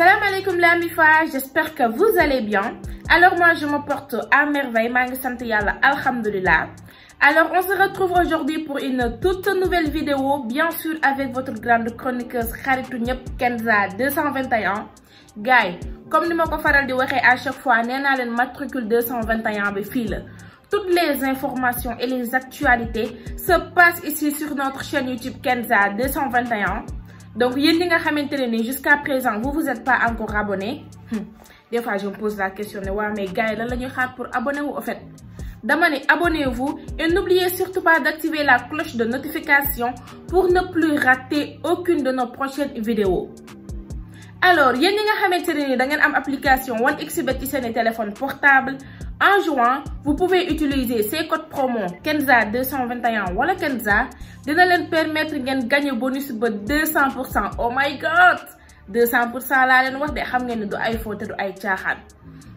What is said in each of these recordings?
Salam alaikum la j'espère que vous allez bien. Alors moi je me porte à merveille, mangi sante yalla, alhamdulillah. Alors on se retrouve aujourd'hui pour une toute nouvelle vidéo, bien sûr avec votre grande chroniqueuse Kharitou Nyep Kenza 221. Guys, comme nous m'avons faral de à chaque fois, nena le matricule 221 en fil. Toutes les informations et les actualités se passent ici sur notre chaîne YouTube Kenza 221 donc jusqu'à présent vous vous êtes pas encore abonné hmm. des fois je me pose la question mais gars pour abonner. au fait abonnez-vous et n'oubliez surtout pas d'activer la cloche de notification pour ne plus rater aucune de nos prochaines vidéos alors yéen nga des application téléphone en juin, vous pouvez utiliser ces codes promo Kenza 221 ou Kenza dina leen permettre ngeen un bonus ba 200 oh my god 200 là, cent leen wax de xam ngeen ne du ay faux ay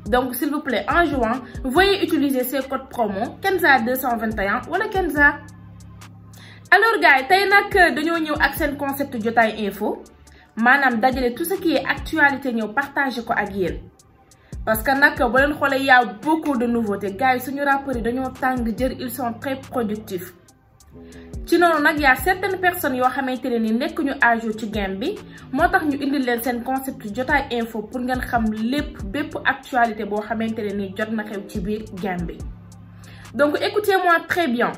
donc s'il vous plaît en jouant veuillez utiliser ces code promo Kenza 221 wala Kenza. alors gars tay nak nag euh, ñew ak sen concept jotay info vous dajale tout ce qui est actualité ñew partager ko ak yéen. parce que nak bo leen xolé y a beaucoup de nouveautés gars suñu rappeurs yi Tang ils sont très productifs. ci noonu nag yaa personnes yoo xamante ne ni nekk ñu à jour ci game bi moo tax ñu indi leen seen concept jotaay info pour ngeen xam lépp bépp actualité boo xamante ne ni jot na xew ci biir game bi donc écoutez-moi très bien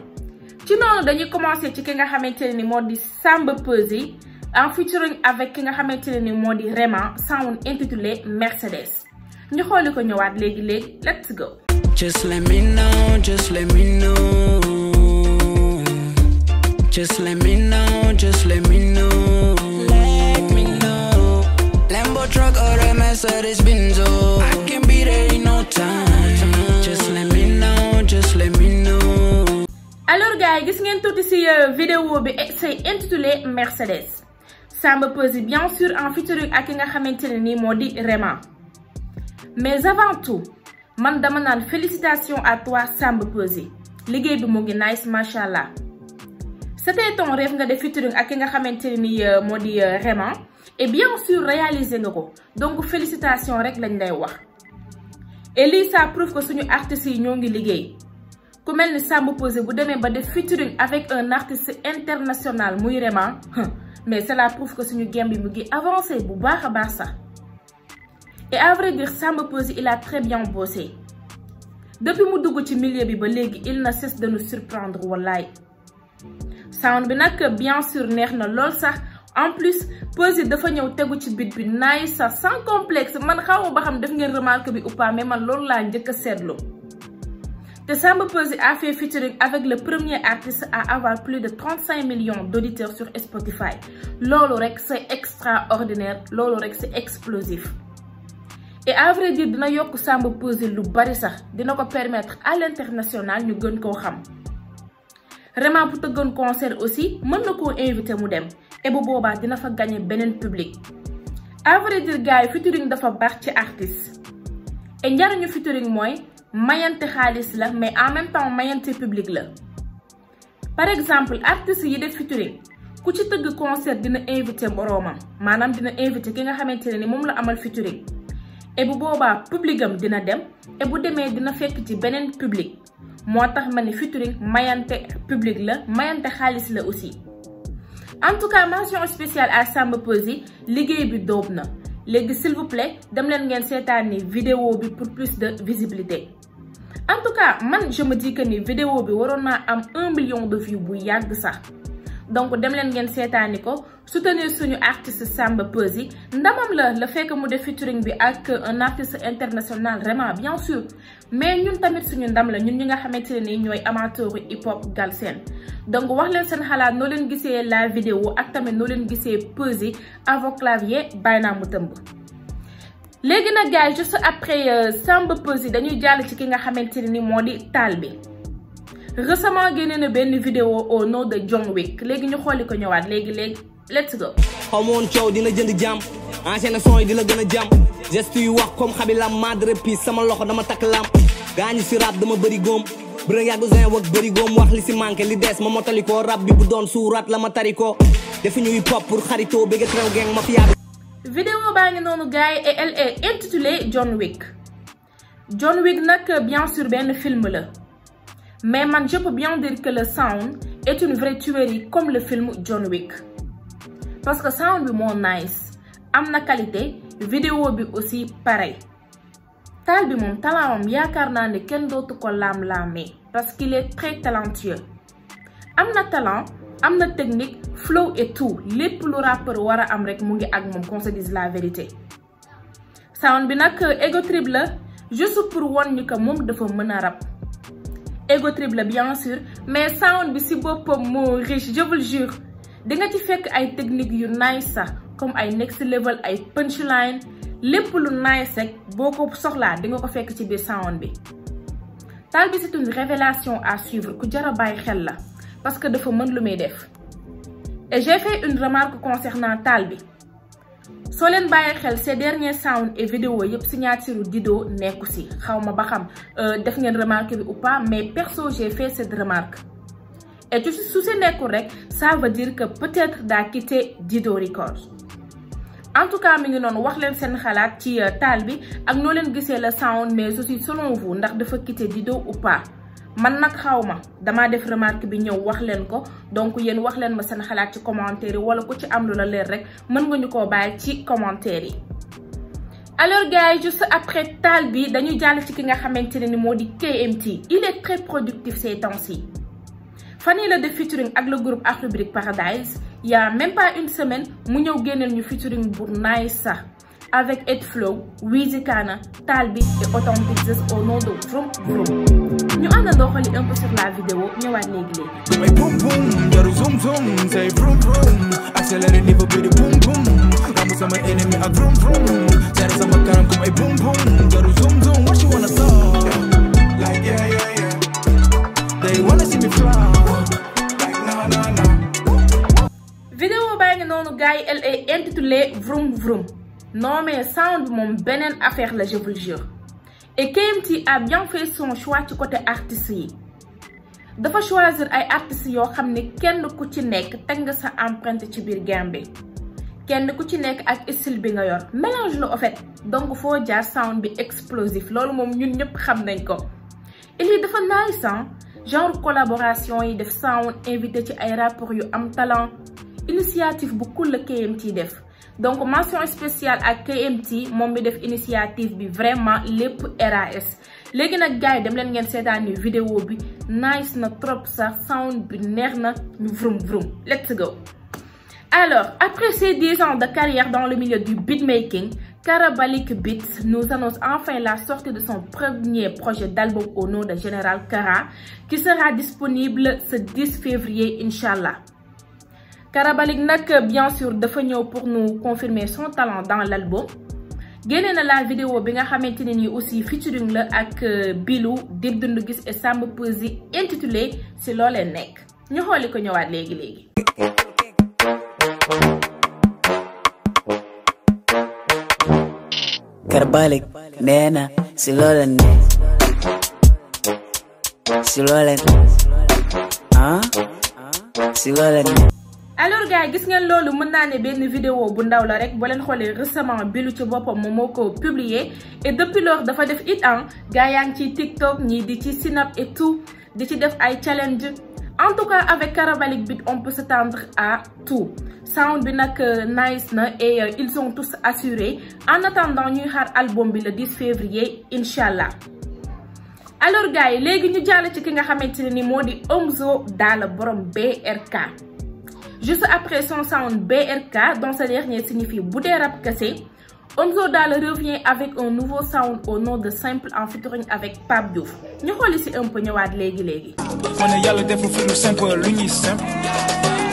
ci noonu dañuy commencer ci ki nga xamante ne ni moo di Samba Peuzzi en featuring avec ki nga xamante ne ni moo di Rema sound intitulé Mercedes ñu xooli ko ñëwaat léegi léegi let's let me know, Just let me know, just let me know. Let me know. Lambo truck or a Mercedes Benz I can be there in no time. Just let me know, just let me know. Alors gars, gis ngeen tuuti ci euh, vidéo bi eh, c'est intitulé Mercedes. Samba pose bien sûr en featuring ak ki nga xamante ne Rema. Mais avant tout, man dama naan félicitations à toi Samba Peuzzi liggéey bi mu ngi nice macha c'était ton rêve nga futur featuring ak nga xamante ni vraiment. Euh, euh, et bien sûr réalisé nga donc félicitations rek lañ lay wax et ça prouve que suñu artiste yi ñoo liggéey ku melni ni Samba Posé bu démé ba def featuring avec un artiste international muy Rema hum, mais cela prouve que suñu game mu gi avancé bu baax a baax sax et à vrai dire Samba Posé il a très bien bossé depuis mu dugg ci milieu bi ba légui il ne cesse de nous surprendre wallaay sound bi nak bien sûr neex lol sax en plus Peuzzi dafa ñëw teggu ci beat bi nice sax sans complexe man xaw ba xam def ngeen remarque bi ou pas mais man loolu la njëkk a The te Samba Peuzzi a fait featuring avec le premier artiste à avoir plus de 35 millions d'auditeurs sur Spotify c'est extraordinaire c'est explosif et à vrai dire dina yokk Samba Peuzzi lu bari sax dina ko permettre à l'international ñu gën ko xam Rema bu tëggoon concert aussi mën na koo invité mu dem et bu boobaa dina fa gagné beneen public. à vrai dire gars yi featuring dafa baax ci artiste et njariñu featuring mooy mayante xaalis la mais en même temps mayante public la. par exemple artistes yi def featuring ku ci tëgg concert dina invité moroomam maanaam dina invité ki nga xamante ne ni moom la amal featuring et bu boobaa publicam dina dem et bu demee dina fekk ci beneen public. moo tax ma ne featuring mayante public la mayante xaalis la aussi en tout cas mention spéciale à Samba Peuzzi liggéey bi doob na léegi s'il vous plaît dem leen ngeen seetaan ni vidéo bi pour plus de visibilité en tout cas man je me dis que ni vidéo bi waroon naa am un million de vues bu yàgg sax donc dem leen ngeen seetaani ko soutenir suñu artiste Samba Peuzzi ndamam la la fekk mu def featuring bi ak un artiste international vraiment bien sûr mais ñun tamit suñu ndam la ñun ñi nga xamante ne nii ñooy amateuru hip hop Galsen donc wax leen seen xalaat noo leen gisee la vidéo ak tamit noo leen gisee Peuzzi avant clavier bàyyi naa mu tëmb. léegi nag gars yi juste après euh, Samba yi dañuy jàll ci ki nga xamante ne ni moo di taal bi. récemment génne na benn vidéo au nom de John Wick léegi ñu xooli ko ñëwaat léegi léegi let's go. xaw ma woon coow dina jënd jàmm ancienne son yi dina gën a jàmm geste yu wax comme xabilam madre puis sama loxo dama takk lam gaañu si rap dama bëri góom. bërë yàggu zin wak bëri góom wax li si manqué li des ma motali ko bi bu doon suuraat la ma tarikoo ko defi ñuy pop pour xaritoo bëgg traw gang ma fiyaa vidéo baa ngi noonu gars yi et John Wick John benn film Mais man, je peux bien dire que le sound est une vraie tuerie comme le film John Wick. Parce que sound est mon nice amna qualité vidéo bi aussi pareil. Tal bi moom talaamam yakarna ne ken dootu ko lam lamé parce qu'il est très talentueux. Amna talent amna technique flow et tout Les lu rappeur wara am rek mu ngi ak mom la vérité. sound bi nak ego trip la juste pour won ñu que mom dafa mën ego trip bien sûr mais sound bi si boppam moo riche je vous le jure de nga ci fekk ay technique yu nice comme ay next level ay punchline lepp lu nice rek boo ko soxlaa nga ko fekk ci biir sound bi tal bi c'est une révélation à suivre ku jara bay xel la parce que dafa meun lu def et j'ai fait une remarque concernant Talbi. soo leen bàyyi xel ces derniers sound et vidéo yëpp signature Dido nekku si xaw ma ba xam euh, def ngeen remarque bi ou pas mais perso j'ai fait cette remarque et tu su si nekkul rek ça veut dire que peut-être daa quitté Dido Records en tout cas mu ngi noonu wax leen seen xalaat ci euh, taal bi ak noo leen gisee la sound mais aussi selon vous ndax dafa quitté Dido ou man nag xawma ma damaa def remarque bi ñëw wax leen ko donc yéen wax leen ma seen xalaat ci commentaire yi wala ko ci am lu la leer rek mën nga ñu ko bàyyi ci commentaire yi. alors gars yi juste après taal bi dañu jàll ci ki nga xamante ne ni moo di KMT il est très productif ces temps-ci fan yii la def featuring ak le groupe Afrobrick Paradise yaa a même une semaine mu ñëw génneel ñu featuring bu nice sax. avec Edflow, Wizy Kana, Talbi et Authentic Zest au nom de Vroom Vroom. ñu àndandoo xooli un peu sur la vidéo ñëwaat léegi léegi. damay boum boum jaru zoom zoom say vroom vroom accéléré niveau bi di boum boum rambu sama ennemi ak vroom vroom jar sama kanam comme Non mais Sound moom beneen affaire la je vous le jure et KMT a bien fait son choix du côté artiste. Il dafa choisir ay artistes qui xam ne kenn ku ci nekk sa empreinte ci biir Gambie kenn ku ci nekk ak style bi nga mélange le en fait donc foo jaar sound bi explosif C'est ce ñun nous xam nañ ko et a dafa nice hein. genre collaboration yi def sound invité ci ay rapport yu am talent initiative bu cool la KMT def donc mention spéciale à KMT mon bidef initiative bi vraiment l'époux RAS Les guide gars yi dem vidéo bi nice na trop ça, sound bi neex vroom vroom let's go alors après ces dix ans de carrière dans le milieu du beatmaking Karabalik Beats nous annonce enfin la sortie de son premier projet d'album au nom de Général Kara qui sera disponible ce 10 février Inch'Allah. Karabalik nak bien sûr dafa ñew pour nous confirmer son talent dans l'album génne na la vidéo bi nga xamante ni aussi featuring le ak euh, Bilou Dip Doundou Guiss et Samba Peuzzi intitulé ci lolé nek ñu xooli ko ñëwaat légui légui Karabalik nee na lolé nek nekk si ah ci lolé nek alors gars gis ngeen loolu mën naa ne benn vidéo bu ndaw la rek boo leen xoolee récemment Bilou ci boppam moom moo ko publié et depuis lors dafa def it an gars yaa ngi ciy TikTok ñii di ci Snap et tout di ci def ay challenge en tout cas avec Karabalik Beat on peut s'attendre sound bi nag euh, nice na et euh, ils sont tous assurés en attendant ñuy xaar album bi la 10 février incha allah. alors gars léegi ñu jàll ci ki nga xamante ne ni moo di Omzo Dollar borom BRK. Juste après son sound BRK, dont ce dernier signifie Rap Kassé, Omzo Dal revient avec un nouveau sound au nom de Simple en featuring avec Pab Diouf. ñu xool si un peu ñëwaat léegi léegi. ma ne le def fi lu simple lu simple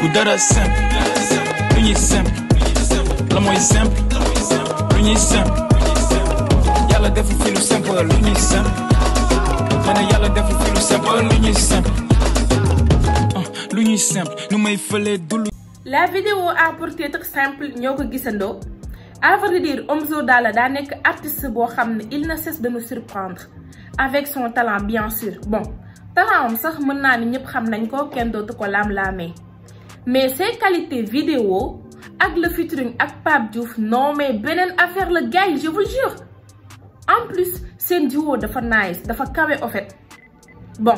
lu dara simple lu simple la mooy simple lu ñuy simple le def fi lu simple lu simple ma ne yàlla def fi lu simple lu simple simple la vidéo a pour titre simple ñoko gissando à vrai dire Omzo Dollar daa nekk artiste bo xamné il ne cesse de nous surprendre avec son talent bien sûr bon talent am sax mën naa ni que xam nañ ko kenn dootu ko mais ses qualités vidéo avec le featuring avec Pape Diouf non mais benen affaire le gars je vous jure en plus un duo dafa nice dafa kawé en fait bon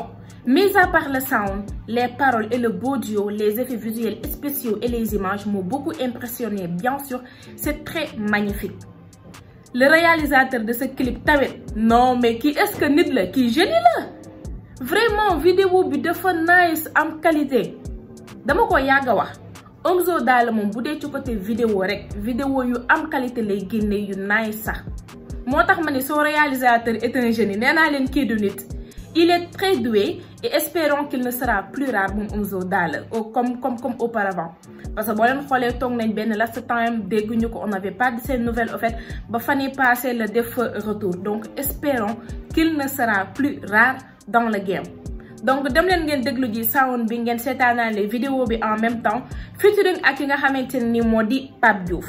Mis à part le sound, les paroles et le beau duo, les effets visuels spéciaux et les images m'ont beaucoup impressionné. Bien sûr, c'est très magnifique. Le réalisateur de ce clip tamit non mais qui est-ce que nit qui génie là? vraiment vidéo bi très nice am qualité dama ko yàgg wax Omzo dal mom bu ci côté vidéo rek vidéo yu am qualité lay yu nice sax Motax mané son réalisateur est un génie Néna len du nit il est très doué et espérons qu'il ne sera plus rare moom Omzo Dollar comme comme comme auparavant parce que boo leen xoolee toog nañ benn last time dégguñu ko on avait pas de ces nouvelles au fait ba fan yi passé le def retour donc espérons qu'il ne sera plus rare dans le game donc dem leen ngeen déglu ji sound bi ngeen seetaanaale vidéo bi en même temps featuring ak ki nga xamante ni moo di Pape Diouf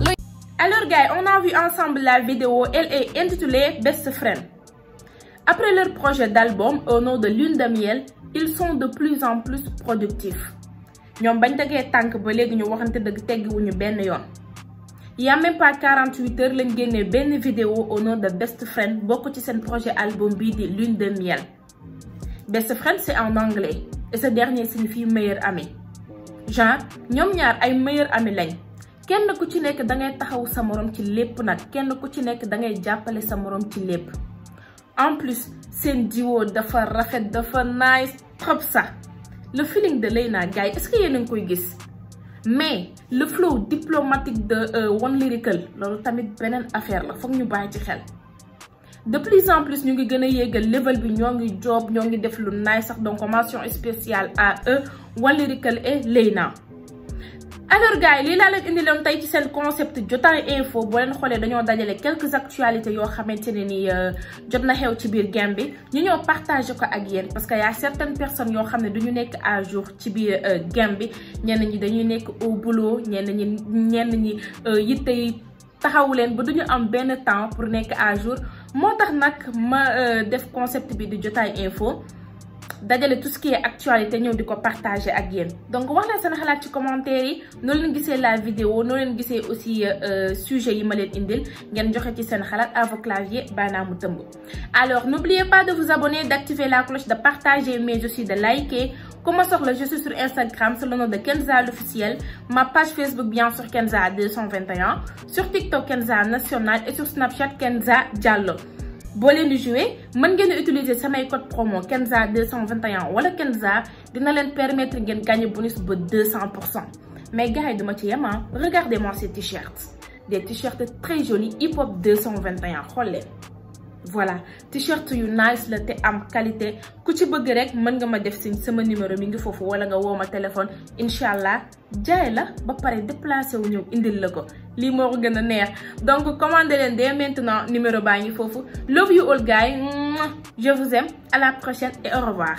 Alors gars, on a vu ensemble la vidéo, elle est intitulée Best Friend. Après leur projet d'album au nom de Lune de Miel, ils sont de plus en plus productifs. Ils bañ ba ñu waxante Il y a même pas 48 heures ils ont fait une vidéo au nom de Best Friend beaucoup ci seen projet d'album « de lune de miel Best Friend c'est en anglais et ce dernier signifie meilleur ami genre ils ont ay meilleur ami kenn ku ci nekk da ngay taxaw sa morom ci lépp nag kenn ku ci nekk da ngay jàppale sa moroom ci lépp en plus seen jiwoo dafa rafet dafa naay trop sax le feeling de Leïna gars yi est-ce que yéen a ngi koy gis mais le flow diplomatique de euh, One Lyrical loolu tamit beneen affaire la foog ñu bàyyi ci xel de plus en plus ñu ngi gën a yéegal level bi ñoo ngi job ñoo ngi def lu naay sax donc mention spéciale à eux One Lyrical et alors gars yi lii laa leen indi loon tey ci seen concept jotaay info boo leen xoolee dañoo dajale quelques actualités yoo xamante ne ni euh, jot na xew ci biir Gambie ñu ñëw partagé ko ak yéen parce que y a certaines yoo xam ne duñu nekk à jour ci biir euh, Gambie ñenn ñi dañuy nekk au boulot ñenn ñi ñenn ñi euh, yitte yi taxawu leen ba duñu am benn temps pour nekk à jour moo tax nag ma def concept bi di jotaay info D'ailleurs, tout ce qui est actualité ñeu diko partager ak yéen donc wax leen sama xalaat ci commentaire yi no leen gisee la vidéo nous leen gisee aussi euh, euh, sujet yi ma leen indil ngeen joxe ci seen xalaat à vos claviers mu alors n'oubliez pas de vous abonner d'activer la cloche de partager mais aussi de liker Comment sur soxla je suis sur Instagram sous le nom de Kenza l'officiel ma page Facebook bien sûr Kenza 221 sur TikTok Kenza national et sur Snapchat Kenza Diallo pour les di jouer vous ngeen utiliser samay code promo Kenza 221 wala Kenza dina vous permettre de gagner bonus ba 200 mais gars duma ah, regardez-moi ces t-shirts des t-shirts très jolis hip hop 221 xool voilà t-shirt yu nice la te am qualité ku ci bëgg rek mën nga ma def siñ sama numéro mi ngi fofu wala nga woma téléphone inshallah allah jaay la ba paré déplacé wu indil la ko neex donc commandez len dès maintenant numéro baa ngi love you all guys je vous aime à la prochaine et au revoir